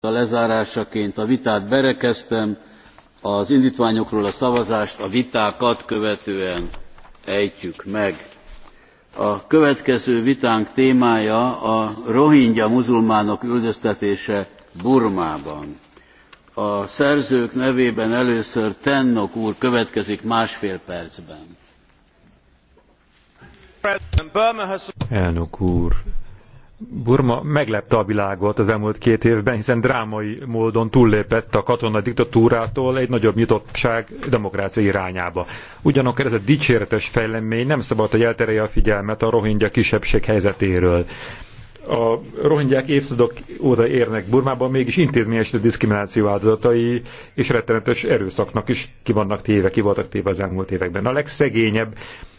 a lezárásaként a vitát berekeztem az indtványokról a szavazást a vitákat követően ejtjük meg. a következő vitánk témája a rohingya muzulmánok üldöztetése burmában. a szerzők nevében először tannock úr következik másfél percben. elnök úr! Burma meglepte a világot az elmúlt két évben, hiszen drámai módon túllépett a katona diktatúrától egy nagyobb nyitottság demokrácia irányába. Ugyanakkor ez a dicséretes fejlemény nem szabad, hogy elterelje a figyelmet a rohingya kisebbség helyzetéről. A rohingyák évszázadok óta érnek Burmában, mégis intézményes diszkrimináció áldozatai és rettenetes erőszaknak is ki vannak téve, ki voltak téve az elmúlt években. A legszegényebb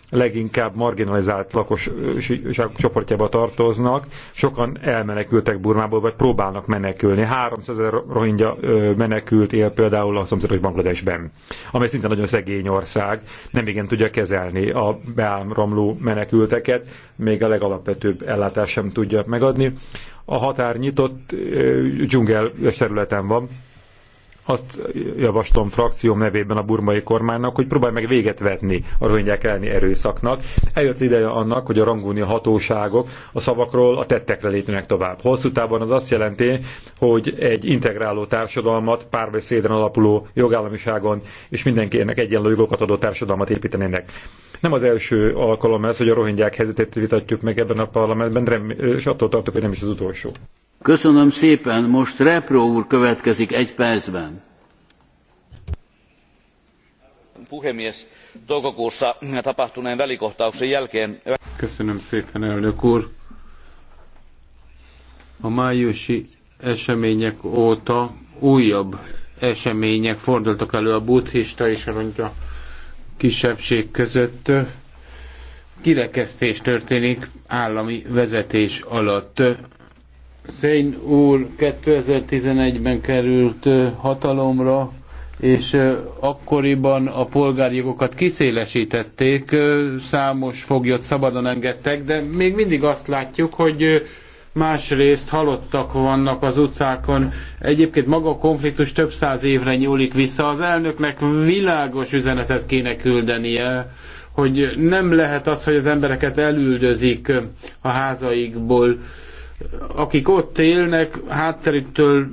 leginkább marginalizált lakosság csoportjába tartoznak. Sokan elmenekültek Burmából, vagy próbálnak menekülni. 300 ezer rohingya menekült él például a szomszédos Bangladesben, amely szinte nagyon szegény ország, nem igen tudja kezelni a beámromló menekülteket, még a legalapvetőbb ellátást sem tudja megadni. A határ nyitott dzsungel területen van, azt javaslom frakcióm nevében a burmai kormánynak, hogy próbálj meg véget vetni a rohingyák elleni erőszaknak. Eljött ideje annak, hogy a rangúni hatóságok a szavakról a tettekre lépjenek tovább. Hosszú távon az azt jelenti, hogy egy integráló társadalmat, párbeszéden alapuló jogállamiságon és mindenkinek egyenlő jogokat adó társadalmat építenének. Nem az első alkalom ez, hogy a rohingyák helyzetét vitatjuk meg ebben a parlamentben, és attól tartok, hogy nem is az utolsó. Köszönöm szépen, most Repró úr következik egy percben. Puhemies, toukokuussa tapahtuneen välikohtauksen jälkeen... Köszönöm szépen, elnök úr. A májusi események óta újabb események fordultak elő a buddhista és a rongya kisebbség között. Kirekesztés történik állami vezetés alatt. Szén úr 2011-ben került hatalomra, és akkoriban a polgárjogokat kiszélesítették, számos foglyot szabadon engedtek, de még mindig azt látjuk, hogy másrészt halottak vannak az utcákon. Egyébként maga a konfliktus több száz évre nyúlik vissza. Az elnöknek világos üzenetet kéne küldenie, hogy nem lehet az, hogy az embereket elüldözik a házaikból akik ott élnek, hátterüktől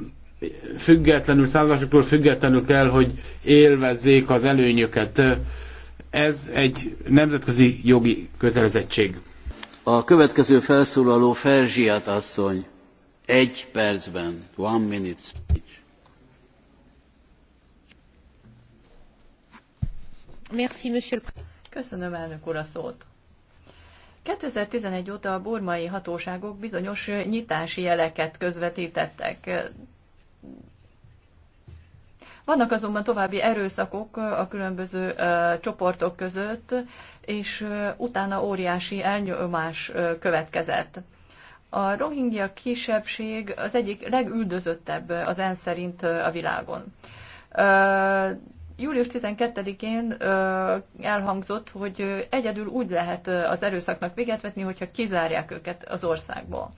függetlenül, százalásoktól függetlenül kell, hogy élvezzék az előnyöket. Ez egy nemzetközi jogi kötelezettség. A következő felszólaló Ferzsiát asszony. Egy percben. One minute speech. Merci, monsieur. Köszönöm elnök úr a szót. 2011 óta a burmai hatóságok bizonyos nyitási jeleket közvetítettek. Vannak azonban további erőszakok a különböző csoportok között, és utána óriási elnyomás következett. A rohingya kisebbség az egyik legüldözöttebb az ENSZ szerint a világon július 12-én elhangzott, hogy egyedül úgy lehet az erőszaknak véget vetni, hogyha kizárják őket az országból.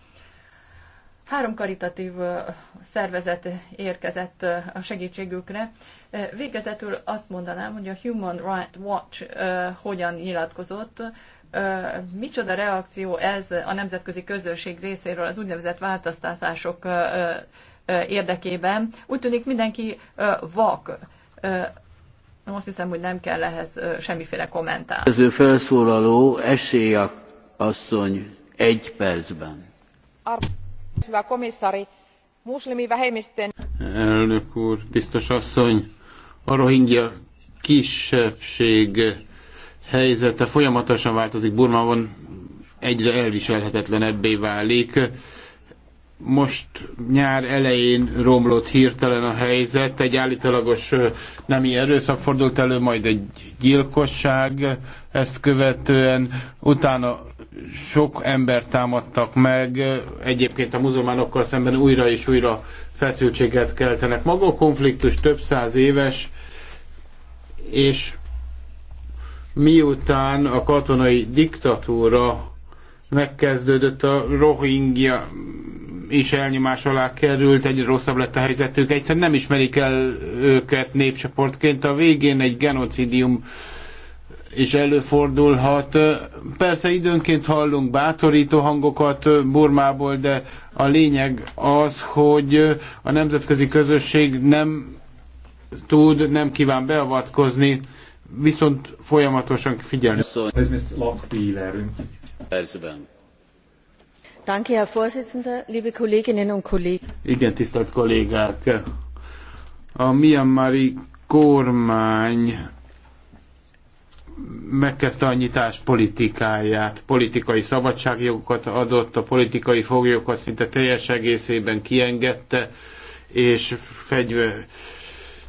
Három karitatív szervezet érkezett a segítségükre. Végezetül azt mondanám, hogy a Human Rights Watch hogyan nyilatkozott, micsoda reakció ez a nemzetközi közösség részéről az úgynevezett változtatások érdekében. Úgy tűnik mindenki vak azt hiszem, hogy nem kell ehhez semmiféle kommentár. Ez felszólaló esélye asszony egy percben. Arvoisa komissári, muslimivähemmistön... Elnök úr, biztos asszony, a rohingya kisebbség helyzete folyamatosan változik. Burmában egyre elviselhetetlenebbé válik most nyár elején romlott hirtelen a helyzet, egy állítólagos nemi erőszak fordult elő, majd egy gyilkosság ezt követően, utána sok ember támadtak meg, egyébként a muzulmánokkal szemben újra és újra feszültséget keltenek. Maga a konfliktus több száz éves, és miután a katonai diktatúra megkezdődött a rohingya is elnyomás alá került, egyre rosszabb lett a helyzetük, egyszerűen nem ismerik el őket népcsoportként. A végén egy genocidium és előfordulhat. Persze időnként hallunk bátorító hangokat Burmából, de a lényeg az, hogy a nemzetközi közösség nem tud, nem kíván beavatkozni, viszont folyamatosan figyelni. Szóval. Ez Lakpílerünk. Persze. Herr Vorsitzender, liebe Kolleginnen und Kollegen. A Myanmari kormány megkezdte a nyitás politikáját, politikai szabadságjogokat adott, a politikai foglyokat szinte teljes egészében kiengedte, és fegyver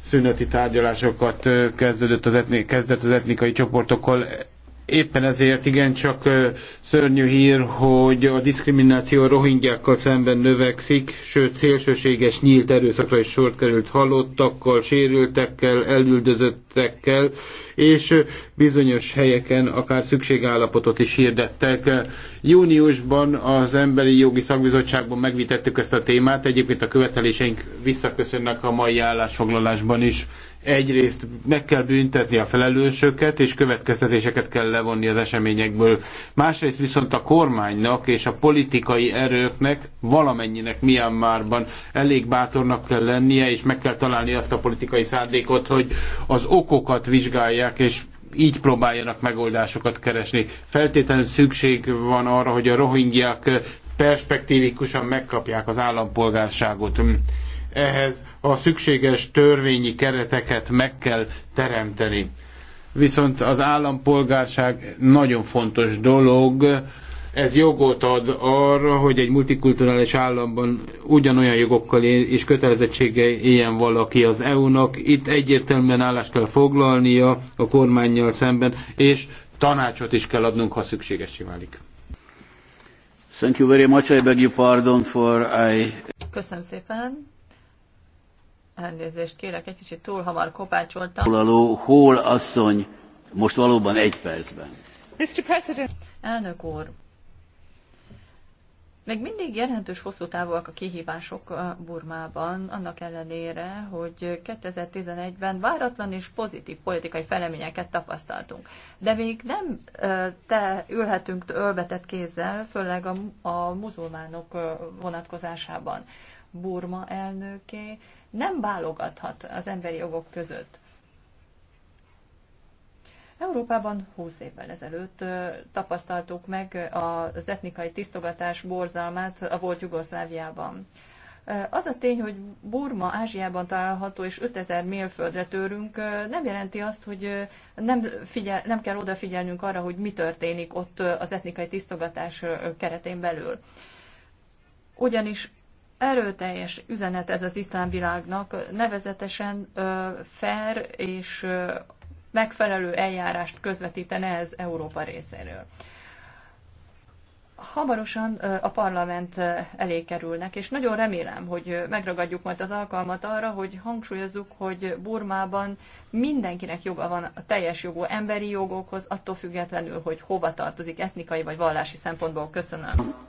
szüneti tárgyalásokat kezdődött az etni, kezdett az etnikai csoportokkal Éppen ezért igencsak szörnyű hír, hogy a diszkrimináció a rohingyákkal szemben növekszik, sőt szélsőséges nyílt erőszakra is sort került halottakkal, sérültekkel, elüldözöttekkel, és bizonyos helyeken akár szükségállapotot is hirdettek. Júniusban az Emberi Jogi Szakbizottságban megvitettük ezt a témát, egyébként a követeléseink visszaköszönnek a mai állásfoglalásban is egyrészt meg kell büntetni a felelősöket, és következtetéseket kell levonni az eseményekből. Másrészt viszont a kormánynak és a politikai erőknek, valamennyinek Myanmarban elég bátornak kell lennie, és meg kell találni azt a politikai szándékot, hogy az okokat vizsgálják, és így próbáljanak megoldásokat keresni. Feltétlenül szükség van arra, hogy a rohingyák perspektívikusan megkapják az állampolgárságot ehhez a szükséges törvényi kereteket meg kell teremteni. Viszont az állampolgárság nagyon fontos dolog, ez jogot ad arra, hogy egy multikulturális államban ugyanolyan jogokkal és kötelezettséggel ilyen valaki az EU-nak. Itt egyértelműen állást kell foglalnia a kormányjal szemben, és tanácsot is kell adnunk, ha szükséges válik. Thank you very much. I beg you pardon for I... Köszönöm szépen. Elnézést kérek, egy kicsit túl hamar kopácsoltam. Foglaló Hol asszony, most valóban egy percben. Mr. President. Elnök úr, még mindig jelentős hosszú távúak a kihívások uh, Burmában, annak ellenére, hogy 2011-ben váratlan és pozitív politikai feleményeket tapasztaltunk. De még nem uh, te ülhetünk ölbetett kézzel, főleg a, a muzulmánok uh, vonatkozásában. Burma elnöké nem válogathat az emberi jogok között. Európában 20 évvel ezelőtt tapasztaltuk meg az etnikai tisztogatás borzalmát a volt Jugoszláviában. Az a tény, hogy Burma Ázsiában található és 5000 mérföldre törünk, nem jelenti azt, hogy nem, figyel, nem kell odafigyelnünk arra, hogy mi történik ott az etnikai tisztogatás keretén belül. Ugyanis erőteljes üzenet ez az iszlám világnak, nevezetesen fair és megfelelő eljárást közvetítene ez Európa részéről. Hamarosan a parlament elé kerülnek, és nagyon remélem, hogy megragadjuk majd az alkalmat arra, hogy hangsúlyozzuk, hogy Burmában mindenkinek joga van a teljes jogú emberi jogokhoz, attól függetlenül, hogy hova tartozik etnikai vagy vallási szempontból. Köszönöm.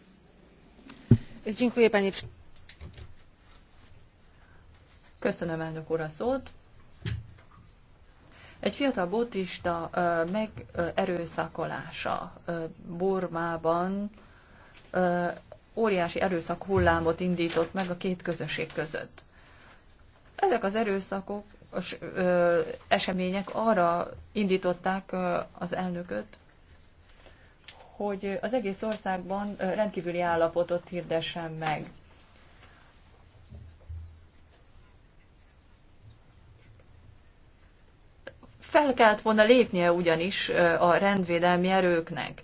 Köszönöm elnök úr a szót. Egy fiatal botista megerőszakolása Burmában óriási erőszak hullámot indított meg a két közösség között. Ezek az erőszakok, események arra indították az elnököt, hogy az egész országban rendkívüli állapotot hirdessen meg. Fel kellett volna lépnie ugyanis a rendvédelmi erőknek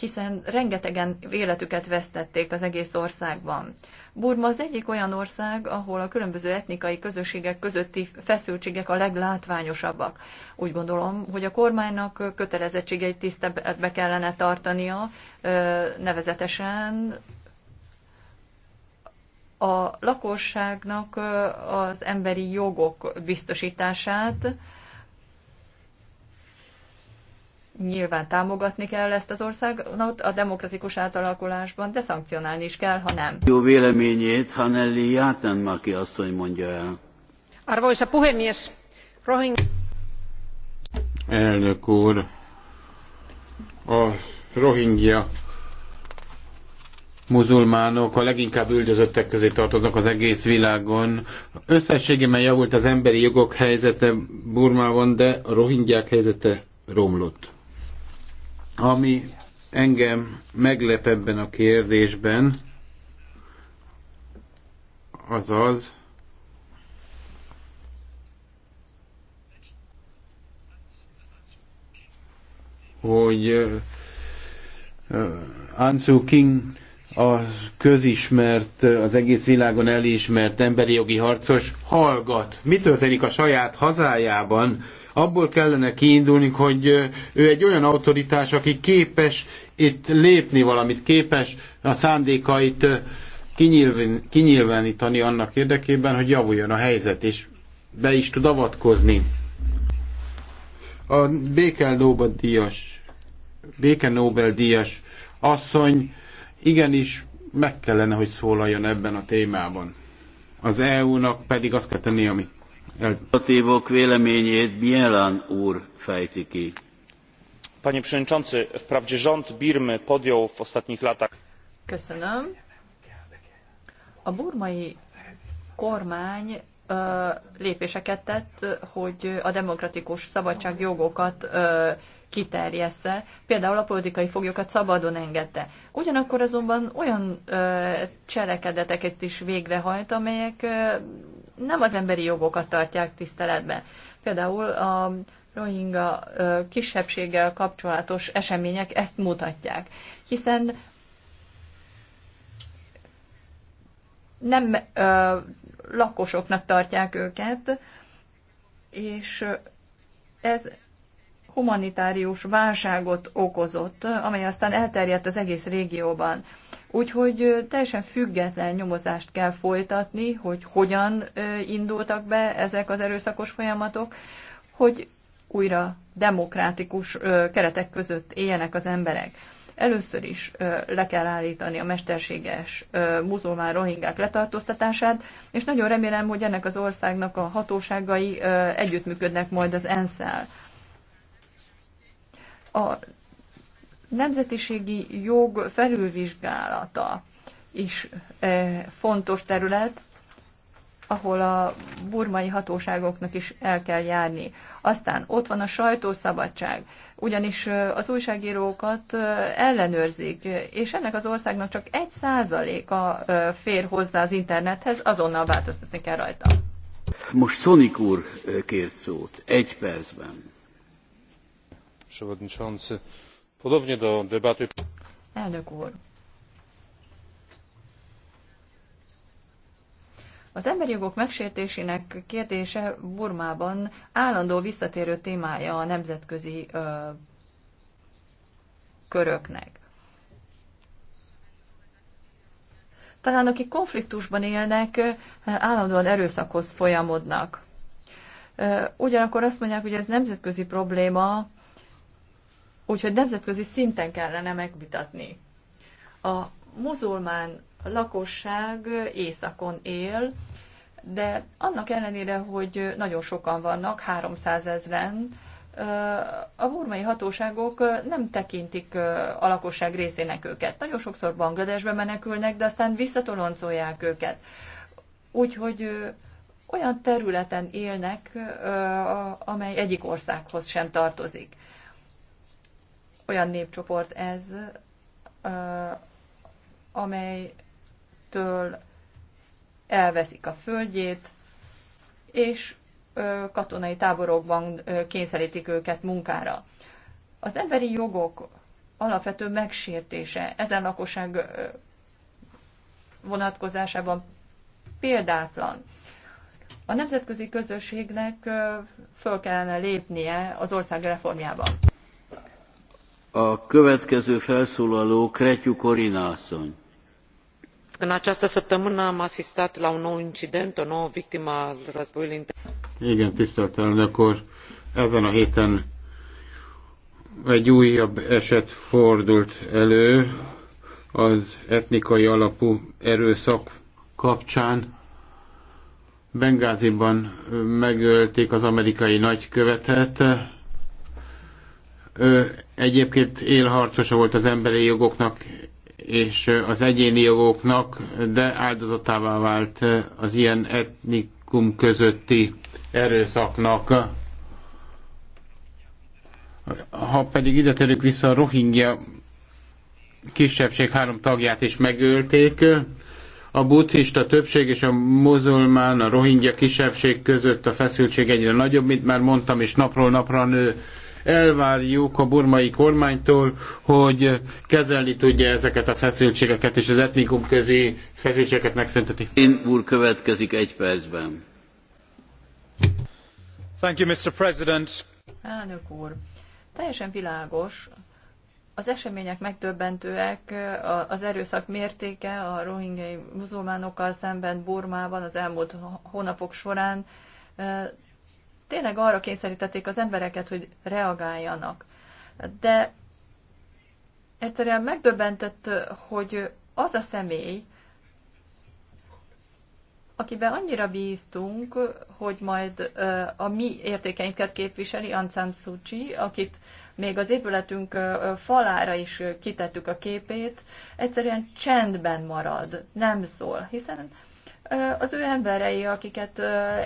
hiszen rengetegen életüket vesztették az egész országban. Burma az egyik olyan ország, ahol a különböző etnikai közösségek közötti feszültségek a leglátványosabbak. Úgy gondolom, hogy a kormánynak kötelezettségeit tiszteletbe kellene tartania, nevezetesen a lakosságnak az emberi jogok biztosítását, nyilván támogatni kell ezt az országot a demokratikus átalakulásban, de szankcionálni is kell, ha nem. Jó véleményét Hanelli Játenmaki asszony mondja el. Arvoisa puhemies, Rohing... Elnök úr, a rohingya muzulmánok a leginkább üldözöttek közé tartoznak az egész világon. Összességében javult az emberi jogok helyzete Burmában, de a rohingyák helyzete romlott. Ami engem meglep ebben a kérdésben, az az, hogy uh, Ansu King a közismert, az egész világon elismert emberi jogi harcos hallgat. Mi történik a saját hazájában? Abból kellene kiindulni, hogy ő egy olyan autoritás, aki képes itt lépni valamit, képes a szándékait kinyilvánítani annak érdekében, hogy javuljon a helyzet, és be is tud avatkozni. A Nobel Béke Nobel díjas asszony igenis meg kellene, hogy szólaljon ebben a témában. Az EU-nak pedig azt kell tenni, amit el... véleményét Bielan úr fejti ki. Panie przewodniczący, wprawdzie rząd Birmy podjął w ostatnich latach. Köszönöm. A burmai kormány lépéseket tett, hogy a demokratikus szabadságjogokat ö, kiterjessze, például a politikai foglyokat szabadon engedte. Ugyanakkor azonban olyan ö, cselekedeteket is végrehajt, amelyek nem az emberi jogokat tartják tiszteletben. Például a rohingya kisebbséggel kapcsolatos események ezt mutatják, hiszen nem ö, lakosoknak tartják őket, és ez humanitárius válságot okozott, amely aztán elterjedt az egész régióban. Úgyhogy teljesen független nyomozást kell folytatni, hogy hogyan indultak be ezek az erőszakos folyamatok, hogy újra demokratikus keretek között éljenek az emberek. Először is le kell állítani a mesterséges muzulmán rohingák letartóztatását, és nagyon remélem, hogy ennek az országnak a hatóságai együttműködnek majd az ENSZ-el. A nemzetiségi jog felülvizsgálata is e, fontos terület, ahol a burmai hatóságoknak is el kell járni. Aztán ott van a sajtószabadság, ugyanis e, az újságírókat e, ellenőrzik, és ennek az országnak csak egy százaléka fér hozzá az internethez, azonnal változtatni kell rajta. Most Szonik úr kért szót, egy percben. Przewodniczący, Podobnie do debaty... Elnök úr! Az emberi jogok megsértésének kérdése Burmában állandó visszatérő témája a nemzetközi ö, köröknek. Talán akik konfliktusban élnek, állandóan erőszakhoz folyamodnak. Ugyanakkor azt mondják, hogy ez nemzetközi probléma, Úgyhogy nemzetközi szinten kellene megvitatni. A muzulmán lakosság északon él, de annak ellenére, hogy nagyon sokan vannak, 300 ezren, a burmai hatóságok nem tekintik a lakosság részének őket. Nagyon sokszor Bangladesbe menekülnek, de aztán visszatoloncolják őket. Úgyhogy olyan területen élnek, amely egyik országhoz sem tartozik olyan népcsoport ez, amelytől elveszik a földjét, és katonai táborokban kényszerítik őket munkára. Az emberi jogok alapvető megsértése ezen lakosság vonatkozásában példátlan. A nemzetközi közösségnek föl kellene lépnie az ország reformjában. A következő felszólaló Kretyú Korina asszony. În această săptămână am asistat la un nou incident, o nouă victimă al războiului intern. Igen, tisztelt elnök úr, ezen a héten egy újabb eset fordult elő az etnikai alapú erőszak kapcsán. Bengáziban megölték az amerikai nagykövetet, egyébként élharcosa volt az emberi jogoknak és az egyéni jogoknak, de áldozatává vált az ilyen etnikum közötti erőszaknak. Ha pedig ide terük vissza, a rohingya kisebbség három tagját is megölték. A buddhista többség és a muzulmán, a rohingya kisebbség között a feszültség egyre nagyobb, mint már mondtam, és napról napra nő elvárjuk a burmai kormánytól, hogy kezelni tudja ezeket a feszültségeket és az etnikum közé feszültségeket megszünteti. Én úr következik egy percben. Thank you, Mr. President. Elnök úr, teljesen világos, az események megdöbbentőek, az erőszak mértéke a rohingyai muzulmánokkal szemben Burmában az elmúlt hónapok során tényleg arra kényszerítették az embereket, hogy reagáljanak. De egyszerűen megdöbbentett, hogy az a személy, akiben annyira bíztunk, hogy majd a mi értékeinket képviseli, Aung San akit még az épületünk falára is kitettük a képét, egyszerűen csendben marad, nem szól, hiszen az ő emberei, akiket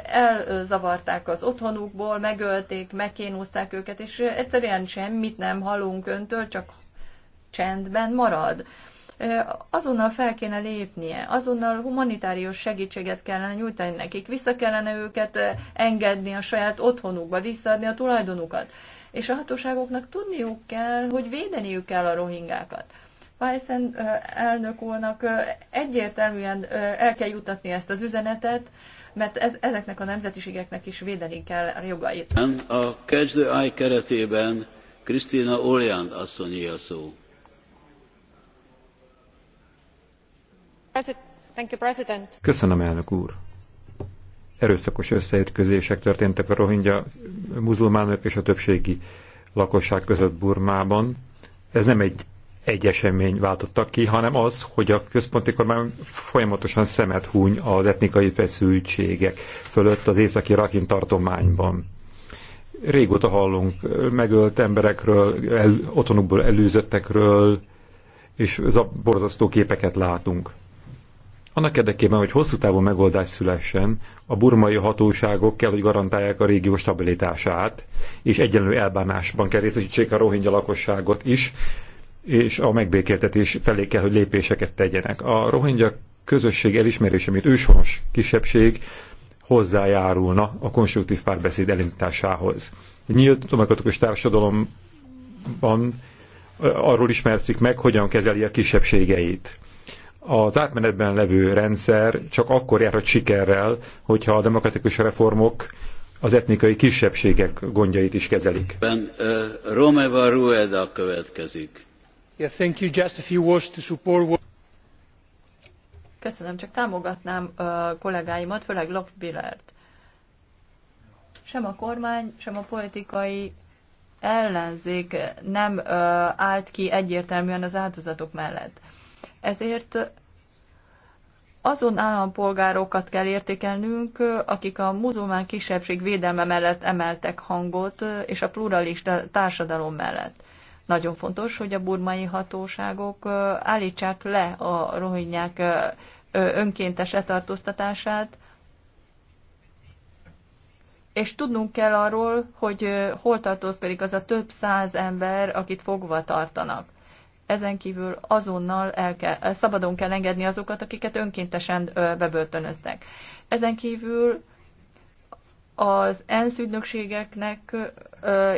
elzavarták az otthonukból, megölték, megkénúzták őket, és egyszerűen semmit nem hallunk öntől, csak csendben marad. Azonnal fel kéne lépnie, azonnal humanitárius segítséget kellene nyújtani nekik, vissza kellene őket engedni a saját otthonukba, visszaadni a tulajdonukat. És a hatóságoknak tudniuk kell, hogy védeniük kell a rohingákat. Tyson elnök úrnak egyértelműen el kell jutatni ezt az üzenetet, mert ez, ezeknek a nemzetiségeknek is védeni kell a jogait. A Eye keretében Krisztina Oljand asszonyi a szó. Köszönöm, elnök úr. Erőszakos összeütközések történtek a rohingya muzulmánok és a többségi lakosság között Burmában. Ez nem egy egy esemény váltottak ki, hanem az, hogy a központi kormány folyamatosan szemet húny az etnikai feszültségek fölött az északi rakin tartományban. Régóta hallunk megölt emberekről, el, otthonukból elűzöttekről, és a borzasztó képeket látunk. Annak érdekében, hogy hosszú távon megoldás szülessen, a burmai hatóságok kell, hogy garantálják a régió stabilitását, és egyenlő elbánásban kell részesítsék a rohingya lakosságot is, és a megbékéltetés felé kell, hogy lépéseket tegyenek. A rohingya közösség elismerése, mint őshonos kisebbség, hozzájárulna a konstruktív párbeszéd elindításához. Nyílt demokratikus társadalomban arról ismerszik meg, hogyan kezeli a kisebbségeit. Az átmenetben levő rendszer csak akkor járhat sikerrel, hogyha a demokratikus reformok az etnikai kisebbségek gondjait is kezelik. Ben, uh, Romeva Rueda következik. Köszönöm, csak támogatnám uh, kollégáimat, főleg Lockbillert. Sem a kormány, sem a politikai ellenzék nem uh, állt ki egyértelműen az áldozatok mellett. Ezért azon állampolgárokat kell értékelnünk, akik a muzulmán kisebbség védelme mellett emeltek hangot, és a pluralista társadalom mellett. Nagyon fontos, hogy a burmai hatóságok állítsák le a rohinyák önkéntes letartóztatását, és tudnunk kell arról, hogy hol tartózkodik az a több száz ember, akit fogva tartanak. Ezen kívül azonnal el kell, szabadon kell engedni azokat, akiket önkéntesen bebörtönöznek. Ezen kívül az ENSZ ügynökségeknek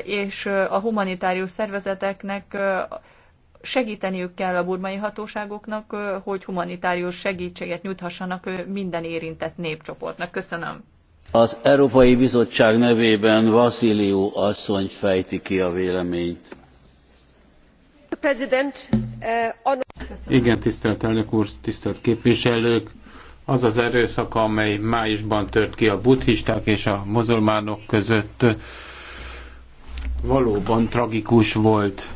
és a humanitárius szervezeteknek segíteniük kell a burmai hatóságoknak, hogy humanitárius segítséget nyújthassanak minden érintett népcsoportnak. Köszönöm. Az Európai Bizottság nevében Vasiliu asszony fejti ki a véleményt. Uh, Igen, tisztelt elnök úr, tisztelt képviselők! az az erőszak, amely májusban tört ki a buddhisták és a muzulmánok között, valóban tragikus volt.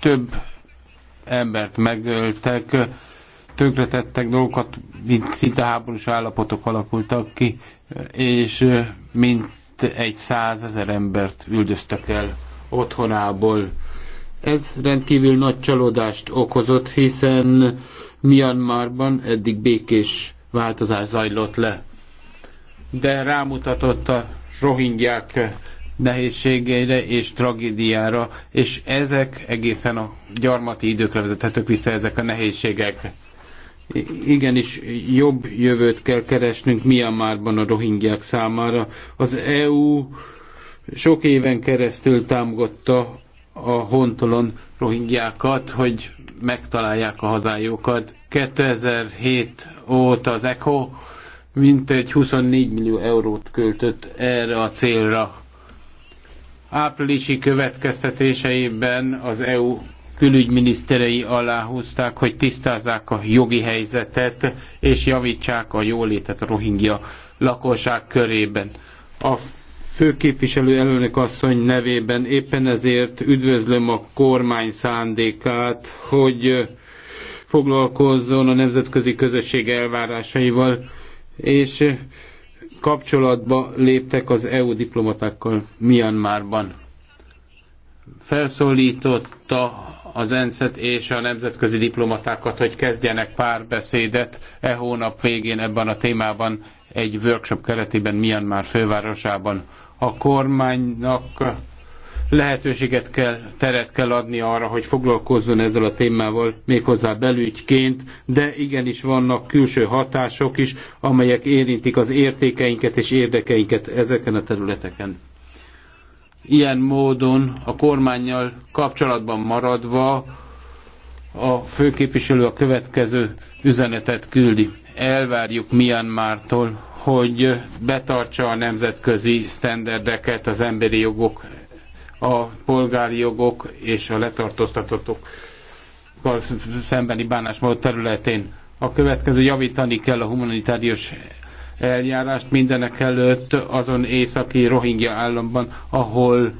Több embert megöltek, tönkretettek dolgokat, mint szinte háborús állapotok alakultak ki, és mint egy százezer embert üldöztek el otthonából. Ez rendkívül nagy csalódást okozott, hiszen Myanmarban eddig békés változás zajlott le. De rámutatott a rohingyák nehézségeire és tragédiára, és ezek egészen a gyarmati időkre vezethetők vissza ezek a nehézségek. Igenis, jobb jövőt kell keresnünk Myanmarban a rohingyák számára. Az EU sok éven keresztül támogatta a hontolon rohingyákat, hogy megtalálják a hazájukat. 2007 óta az ECHO mintegy 24 millió eurót költött erre a célra. Áprilisi következtetéseiben az EU külügyminiszterei aláhúzták, hogy tisztázzák a jogi helyzetet, és javítsák a jólétet a rohingya lakosság körében. A főképviselő elnök asszony nevében éppen ezért üdvözlöm a kormány szándékát, hogy foglalkozzon a nemzetközi közösség elvárásaival, és kapcsolatba léptek az EU diplomatákkal Myanmarban. Felszólította az ensz és a nemzetközi diplomatákat, hogy kezdjenek párbeszédet e hónap végén ebben a témában egy workshop keretében Myanmar fővárosában. A kormánynak lehetőséget kell, teret kell adni arra, hogy foglalkozzon ezzel a témával méghozzá belügyként, de igenis vannak külső hatások is, amelyek érintik az értékeinket és érdekeinket ezeken a területeken. Ilyen módon a kormányjal kapcsolatban maradva a főképviselő a következő üzenetet küldi elvárjuk Myanmar-tól, hogy betartsa a nemzetközi sztenderdeket, az emberi jogok, a polgári jogok és a letartóztatottokkal szembeni bánásmód területén. A következő javítani kell a humanitárius eljárást mindenek előtt azon északi rohingya államban, ahol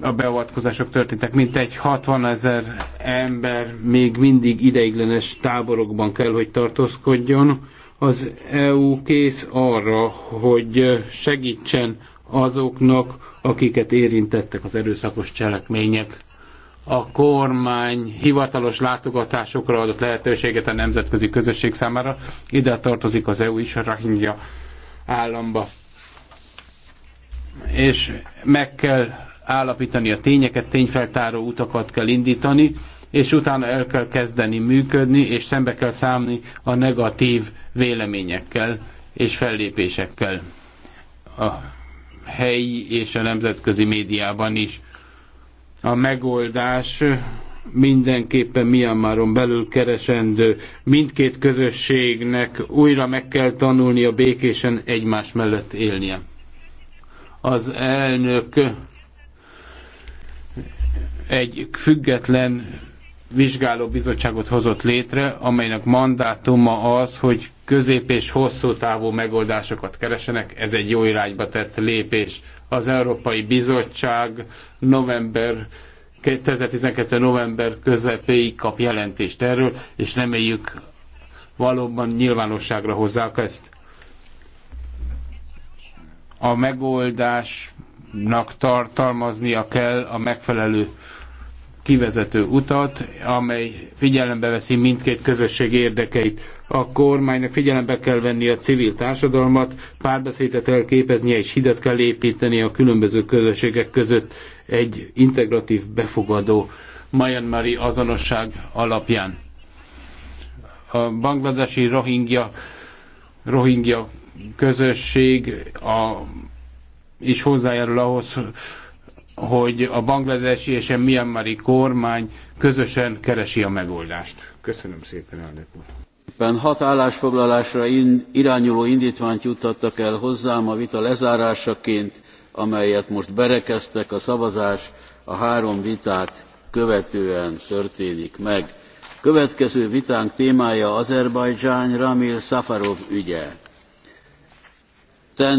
a beavatkozások történtek, mint egy 60 ezer ember még mindig ideiglenes táborokban kell, hogy tartózkodjon. Az EU kész arra, hogy segítsen azoknak, akiket érintettek az erőszakos cselekmények. A kormány hivatalos látogatásokra adott lehetőséget a nemzetközi közösség számára. Ide tartozik az EU is a Rahingya államba. És meg kell állapítani a tényeket, tényfeltáró utakat kell indítani, és utána el kell kezdeni működni, és szembe kell számni a negatív véleményekkel és fellépésekkel a helyi és a nemzetközi médiában is. A megoldás mindenképpen Myanmaron belül keresendő. Mindkét közösségnek újra meg kell tanulni a békésen egymás mellett élnie. Az elnök egy független vizsgáló bizottságot hozott létre, amelynek mandátuma az, hogy közép és hosszú távú megoldásokat keresenek. Ez egy jó irányba tett lépés. Az Európai Bizottság november 2012. november közepéig kap jelentést erről, és reméljük valóban nyilvánosságra hozzák ezt. A megoldásnak tartalmaznia kell a megfelelő kivezető utat, amely figyelembe veszi mindkét közösség érdekeit. A kormánynak figyelembe kell venni a civil társadalmat, párbeszédet kell képeznie és hidat kell építeni a különböző közösségek között egy integratív, befogadó Myanmari azonosság alapján. A bangladesi rohingya, rohingya közösség a, is hozzájárul ahhoz, hogy a bangladesi és a mianmari kormány közösen keresi a megoldást. Köszönöm szépen, elnök úr. Éppen hat állásfoglalásra in, irányuló indítványt juttattak el hozzám a vita lezárásaként, amelyet most berekeztek, a szavazás a három vitát követően történik meg. Következő vitánk témája Azerbajdzsán Ramil Safarov ügye. Ten